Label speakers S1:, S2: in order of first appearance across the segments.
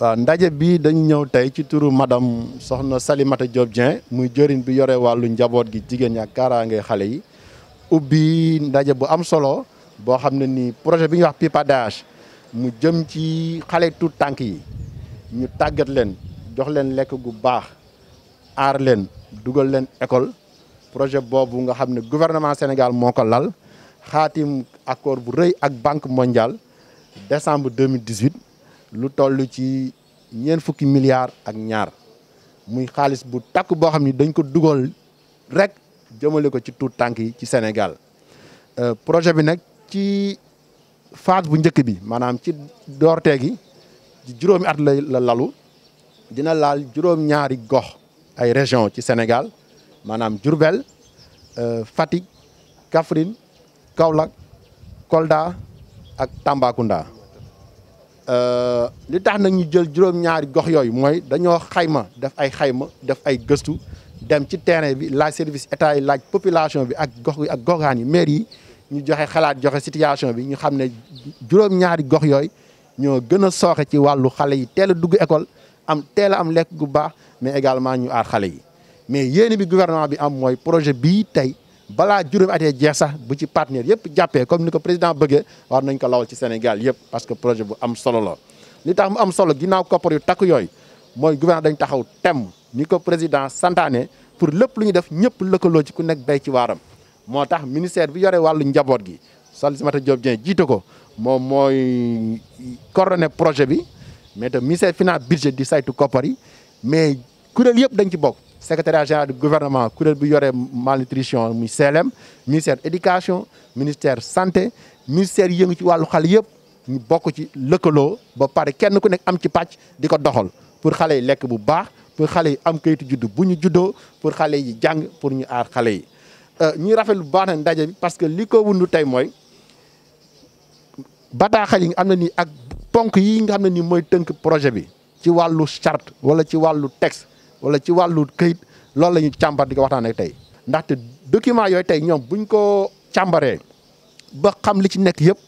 S1: Euh, ndaje bi dañu ñew tay ci turu madame soxna Salimata job Dieng muy jorine bi yore walu njabot gi jigen ya ak xalé yi ubbi ndaje bu am solo bo xam ni projet bi ñuy wax pipadage mu jëm ci xalé tout tank yi ñu tagat len jox len lek gu bax ar len duggal len école projet bobu nga xam gouvernement Sénégal moko lal khatim accord bu reuy ak banque mondiale décembre 2018 lu tollu ci ñeen fukki milliards ak ñaar muy xaaliss bu takku bo xamni dañ ko duggal rek jëmele ko ci tout tànk yi ci Sénégal euh, projet bi nak ci phase bu njëkk bi manam ci dorté gi juroomi at la lalu dina laal juroom ñaari gox ay région ci Sénégal Djourbel euh Fatick Kaffrine Kaolack Kolda ak Tambacounda Euh, li tax nag ñu jël juróom-ñaari gox yooyu mooy dañoo xayma def ay xayma def ay gëstu dem ci terrain bi laaj service état yi laaj population bi ak gox ak goxaan yi maire yi ñu joxe xalaat joxe situation bi ñu xam ne juróom-ñaari gox yooyu ñoo gën a sooxe ci wàllu xale yi teel a dugg école am teel am lekk gu baax mais également ñu aar xale yi mais yéene bi gouvernement bi am mooy projet bii tey balaa juróom atee jeex sax bu ci partenaire yëpp jàppee comme ni ko président bëggee war nañ ko lawal ci Sénégal yëpp parce que projet bu am solo la li tax mu am solo ginnaaw koppar yu takk yooyu mooy gouvernement dañ taxaw tem ni ko président santaane pour lépp lu ñu def ñëpp lëkkaloo ci ku nekk bay ci waaram moo tax ministère bi yore wàllu njaboot gi Salimata Diop Dieng jiite ko moom mooy coordonné projet bi mais te ministère finance budget di saytu koppar mais kuréel yëpp dañ ci bokk Secrétaire général du gouvernement le bu malnutrition le ministère de ministère santé ministère de ci santé, le ministère de l'Éducation, ci ba kenn ku nekk am ci pour aller yi bu baax pour xale am juddu bu pour aller yi pour ñu Nous Nous yi. Euh, nous de parce que li ko nous am na ni projet bi ci texte. wala ci wàllu këyit loolu lañu ñu càmbar di ko waxtaanee tey ndaxte document yooyu tey ñoom buñ ko càmbaree ba xam li ci nekk yëpp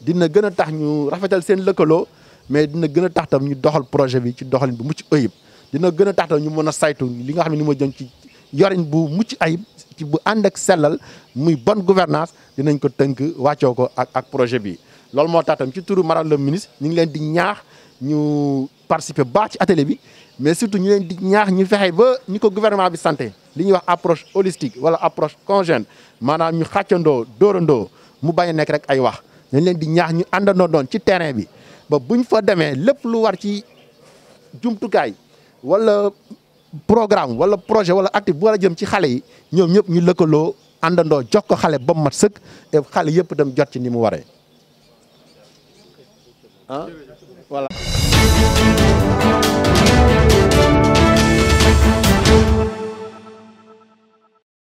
S1: dina gën a tax ñu rafetal seen lëkkaloo mais dina gën a tax ñu doxal projet bi ci doxalin bu mucc ayib dina gën a tax tam ñu mën a saytu li nga xam ne ni ma jën ci yorin bu mucc ayib ci bu ànd ak sellal muy bonne gouvernance dinañ ko tënk wàccoo ko ak ak projet bi loolu moo tax tam ci turu maral le ministre ñu ngi leen di ñaax ñu participer baax ci atelier bi mais surtout ñu leen di ñaax ñu fexe ba ñi gouvernement bi santé li ñuy wax approche holistique wala approche conjointe maanaam ñu xàccandoo dóorandoo mu bañ a nekk rek ay wax dañ leen di ñaax ñu àndandoo doon ci terrain bi ba buñ fa demee lépp lu war ci jumtukaay wala programme wala projet wala actif bu war jëm ci xalé yi ñom ñëpp ñu lëkkaloo andando jox ko xalé ba mat sëkk et xale yëpp dem jot ci ni mu waree ah voilà